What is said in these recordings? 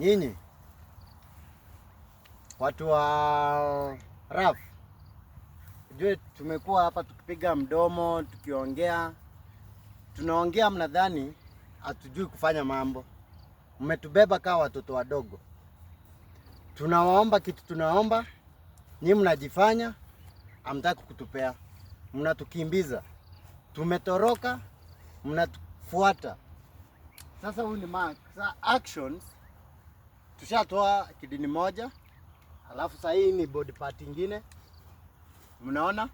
Nyinyi watu wa RAF, jue tumekuwa hapa tukipiga mdomo tukiongea, tunaongea, mnadhani hatujui kufanya mambo. Mmetubeba kama watoto wadogo. Tunawaomba kitu, tunaomba nyinyi, mnajifanya hamtaki kutupea, mnatukimbiza. Tumetoroka, mnatufuata. Sasa huyu ni Mark. Sasa actions tushatoa kidini moja, alafu sasa hii ni body part nyingine, mnaona.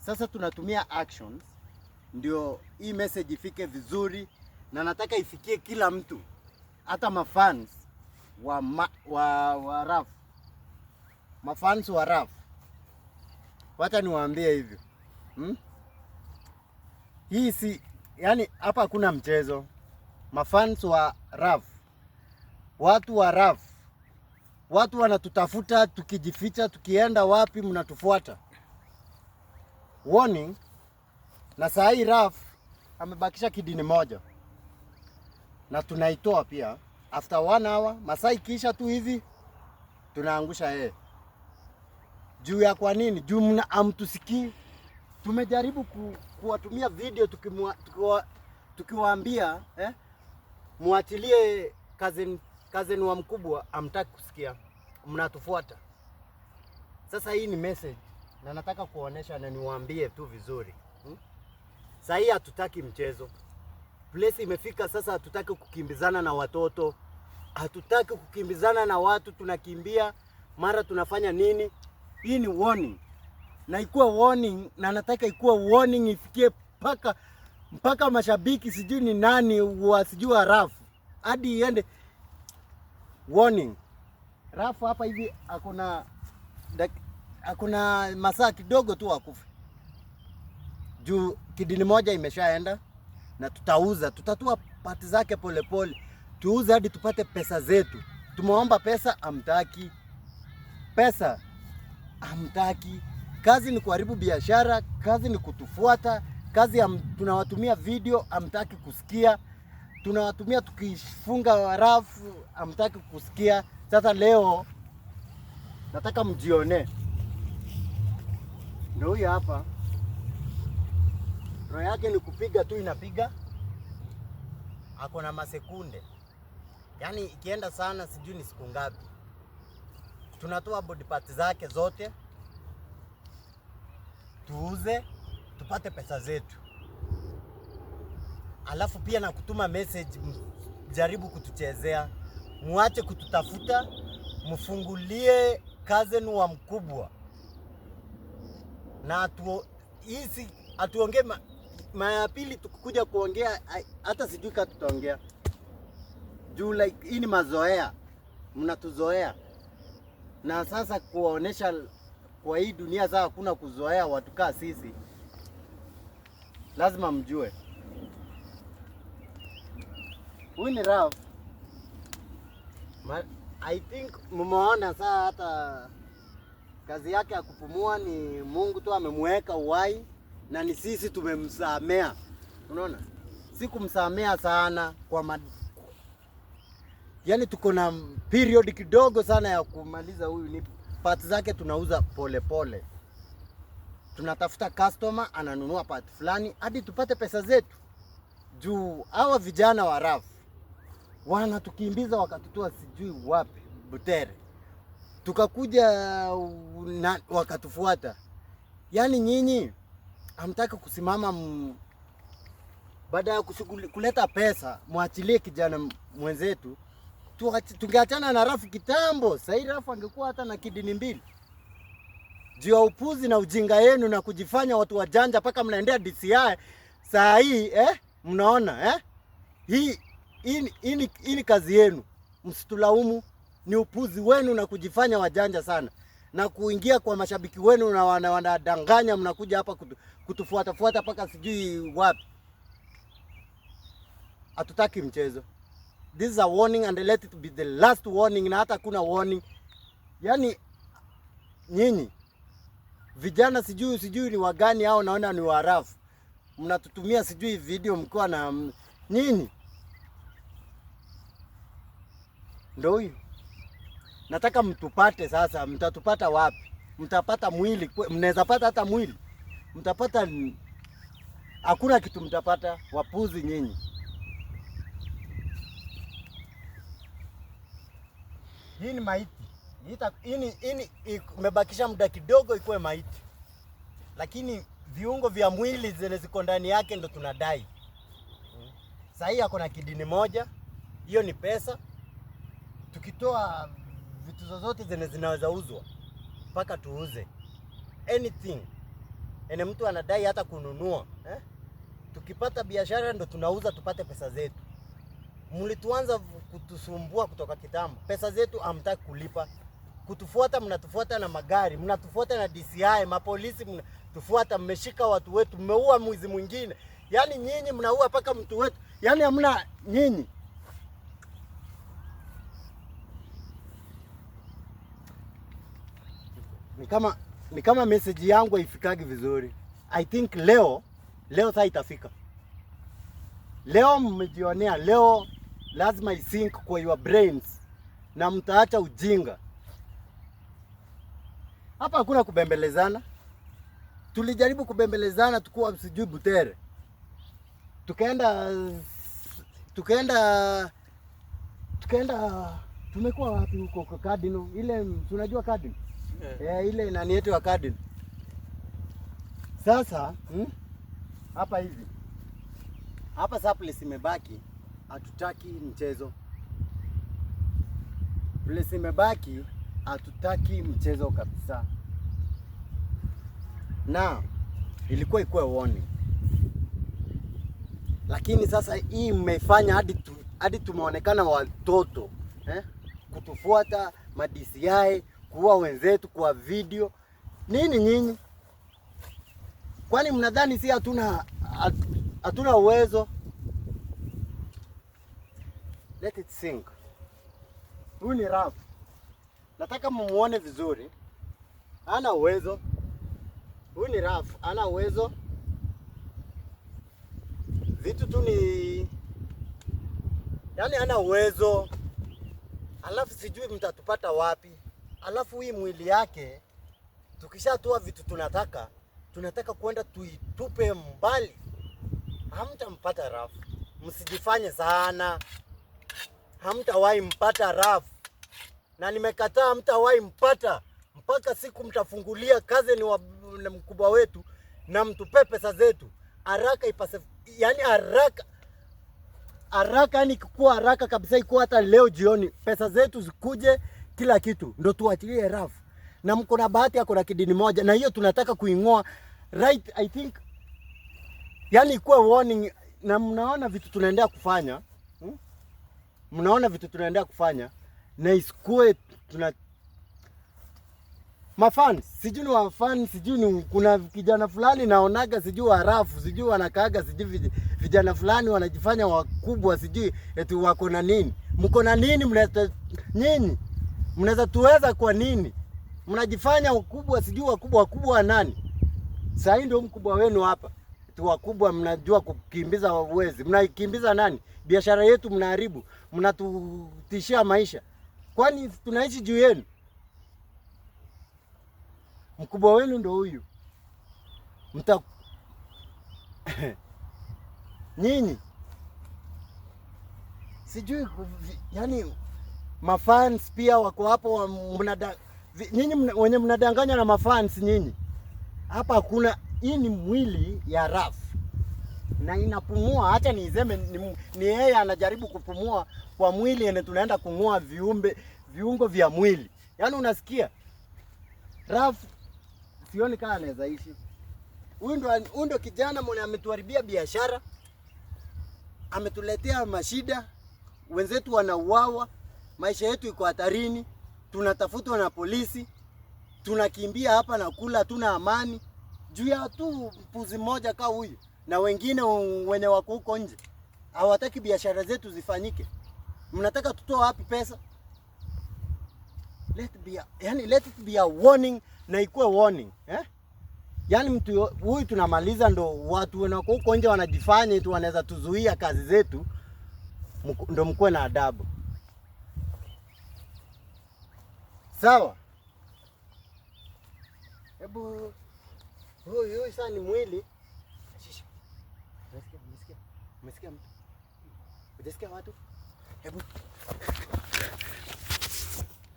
Sasa tunatumia actions ndio hii message ifike vizuri, na nataka ifikie kila mtu, hata mafans wa, ma, wa, wa Raf, mafans wa Raf, wacha niwaambie hivyo hmm? Hii si yani, hapa hakuna mchezo. Mafans wa Raf watu wa RAF, watu wanatutafuta tukijificha, tukienda wapi mnatufuata. Warning. Na saa hii RAF amebakisha kidini moja na tunaitoa pia, after one hour masaa ikiisha tu hivi tunaangusha yeye. Juu ya kwa nini? Juu mna amtusikii. Tumejaribu ku, kuwatumia video tukiwaambia tukiwa, tukiwa eh, mwachilie cousin Kazeni wa mkubwa amtaki kusikia, mnatufuata. Sasa hii ni message na nataka kuonesha na niwaambie tu vizuri hmm? Sasa hii hatutaki mchezo. Place imefika sasa, hatutaki kukimbizana na watoto, hatutaki kukimbizana na watu, tunakimbia mara tunafanya nini. Hii ni warning na ikuwa warning, na nataka ikuwa warning ifikie mpaka mpaka mashabiki sijui ni nani wa sijui hadi iende warning. Rafu hapa hivi hakuna hakuna masaa kidogo tu akufe juu kidini moja imeshaenda, na tutauza, tutatua pati zake polepole, tuuze hadi tupate pesa zetu. Tumeomba pesa, amtaki pesa, amtaki kazi. Ni kuharibu biashara, kazi ni kutufuata, kazi am, tunawatumia video, amtaki kusikia tunawatumia tukifunga rafu, amtaki kusikia. Sasa leo nataka mjione, ndio huyu hapa. Roho yake ni kupiga tu, inapiga ako na masekunde, yaani ikienda sana, sijui ni siku ngapi. Tunatoa body parts zake zote tuuze tupate pesa zetu alafu pia na kutuma message, mjaribu kutuchezea, muache kututafuta, mfungulie kazenu wa mkubwa na atu, hisi atuongee mara ya pili tukuja kuongea, hata sijui kama tutaongea juu like hii ni mazoea, mnatuzoea na sasa kuwaonesha kwa hii dunia, sasa hakuna kuzoea watu kaa sisi, lazima mjue. Huyu ni Ralph. I think mmeona saa hata kazi yake ya kupumua ni Mungu tu amemweka uhai na ni sisi tumemsamea. Unaona? Si kumsamea sana kwa ma... Yaani tuko na period kidogo sana ya kumaliza huyu ni part zake tunauza polepole pole. Tunatafuta customer ananunua part fulani hadi tupate pesa zetu. Juu hawa vijana wa Rafu wanatukimbiza wakatutoa sijui wapi Butere, tukakuja na, wakatufuata. Yaani nyinyi hamtaki kusimama m... baada ya kuleta pesa mwachilie kijana mwenzetu, tungeachana na Rafu kitambo. Sahii Rafu angekuwa hata na kidini mbili juu ya upuzi na ujinga yenu na kujifanya watu wajanja mpaka mnaendea DCI saa hii eh? Mnaona eh? Hii hii ni kazi yenu, msitulaumu. Ni upuzi wenu na kujifanya wajanja sana na kuingia kwa mashabiki wenu na wanadanganya, mnakuja hapa kutu, fuata mpaka sijui wapi. Hatutaki mchezo. This is a warning and let it be the last warning, na hata kuna warning. yani nyinyi vijana sijui sijui ni wagani hao, naona ni warafu, mnatutumia sijui video mkiwa na nyinyi Ndio huyo. Nataka mtupate sasa, mtatupata wapi? Mtapata mwili, mnaweza pata hata mwili, mtapata hakuna kitu mtapata, wapuzi nyinyi. Hii ni maiti, hii imebakisha muda kidogo ikuwe maiti, lakini viungo vya mwili zile ziko ndani yake ndo tunadai. Sahii ako na kidini moja, hiyo ni pesa tukitoa mm, vitu zozote zenye zinaweza uzwa mpaka tuuze anything ene mtu anadai hata kununua eh? Tukipata biashara ndo tunauza tupate pesa zetu. Mlituanza kutusumbua kutoka kitambo, pesa zetu hamtaki kulipa, kutufuata, mnatufuata na magari, mnatufuata na DCI, mapolisi mnatufuata, mmeshika watu wetu, mmeua mwizi mwingine. Yaani nyinyi mnaua mpaka mtu wetu, yaani hamna nyinyi ni kama ni kama message yangu haifikagi vizuri. I think leo leo saa itafika. Leo mmejionea, leo lazima isink kwa your brains na mtaacha ujinga. Hapa hakuna kubembelezana. Tulijaribu kubembelezana tukuwa sijui Butere, tukaenda tukaenda tukaenda, tumekuwa wapi huko? Kadino ile, tunajua Kadino yeah. Eh, ile nani yetu ya Cardinal. Sasa hmm, hapa hmm? hivi hapa surplus imebaki, hatutaki mchezo. Surplus imebaki, hatutaki mchezo kabisa, na ilikuwa ikuwe uone, lakini sasa hii imefanya hadi tu, hadi tumeonekana watoto eh? kutufuata madisi yae kuua wenzetu kwa video nini nyinyi? Kwani mnadhani si hatuna hatuna uwezo? Let it sink. Huyu ni Rafu, nataka mumuone vizuri, ana uwezo. Huyu ni Rafu, ana uwezo, vitu tu ni yaani, ana uwezo. Alafu sijui mtatupata wapi alafu hii mwili yake tukishatoa vitu tunataka tunataka kwenda tuitupe mbali, hamtampata rafu. Msijifanye sana, hamtawahi mpata rafu, na nimekataa, hamtawahi mpata mpaka siku mtafungulia kazi ni wa mkubwa wetu na mtupe pesa zetu haraka ipase, yani haraka haraka, yani ikikuwa haraka kabisa, ikuwa hata leo jioni pesa zetu zikuje kila kitu ndo tuachilie RAF. na mko na bahati yako na kidini moja, na hiyo tunataka kuing'oa right. I think yani kuwa warning, na mnaona vitu tunaendelea kufanya hmm? Mnaona vitu tunaendelea kufanya na isikue tuna mafan sijui ni wafan sijui ni kuna kijana fulani naonaga sijui warafu sijui wanakaaga sijui vijana fulani wanajifanya wakubwa sijui eti wako na nini mko na nini mleta nyinyi mnaweza tuweza kwa nini? Mnajifanya ukubwa, sijui wakubwa wakubwa nani? Sasa hii ndio mkubwa wenu hapa tu, wakubwa mnajua kukimbiza, wawezi mnaikimbiza nani? Biashara yetu mnaharibu, mnatutishia maisha, kwani tunaishi juu yenu? Mkubwa wenu ndio huyu mta nyinyi, sijui yani mafans pia wako hapo, mnada nyinyi wenye mnadanganya na mafans nyinyi. Hapa kuna hii ni mwili ya Raf na inapumua. Hata niseme ni yeye anajaribu kupumua kwa mwili ene, tunaenda kung'oa viumbe viungo vya mwili, yaani unasikia Raf, sioni kama anaweza ishi. Huyu ndo kijana mwenye ametuharibia biashara, ametuletea mashida, wenzetu wanauawa maisha yetu iko hatarini, tunatafutwa na polisi, tunakimbia hapa na kula, hatuna amani juu ya tu mpuzi mmoja kaa huyu na wengine wenye wako huko nje hawataki biashara zetu zifanyike. Mnataka tutoe wapi pesa? Let be a, yani let it be a warning na ikuwe warning eh? Yani mtu huyu tunamaliza, ndo watu wako huko nje wanajifanya tu wanaweza tuzuia kazi zetu, ndo mkuwe na adabu. Sawa, hebu huyu huyu sasa ni mwili. Umesikia mtu? Umesikia watu? Hebu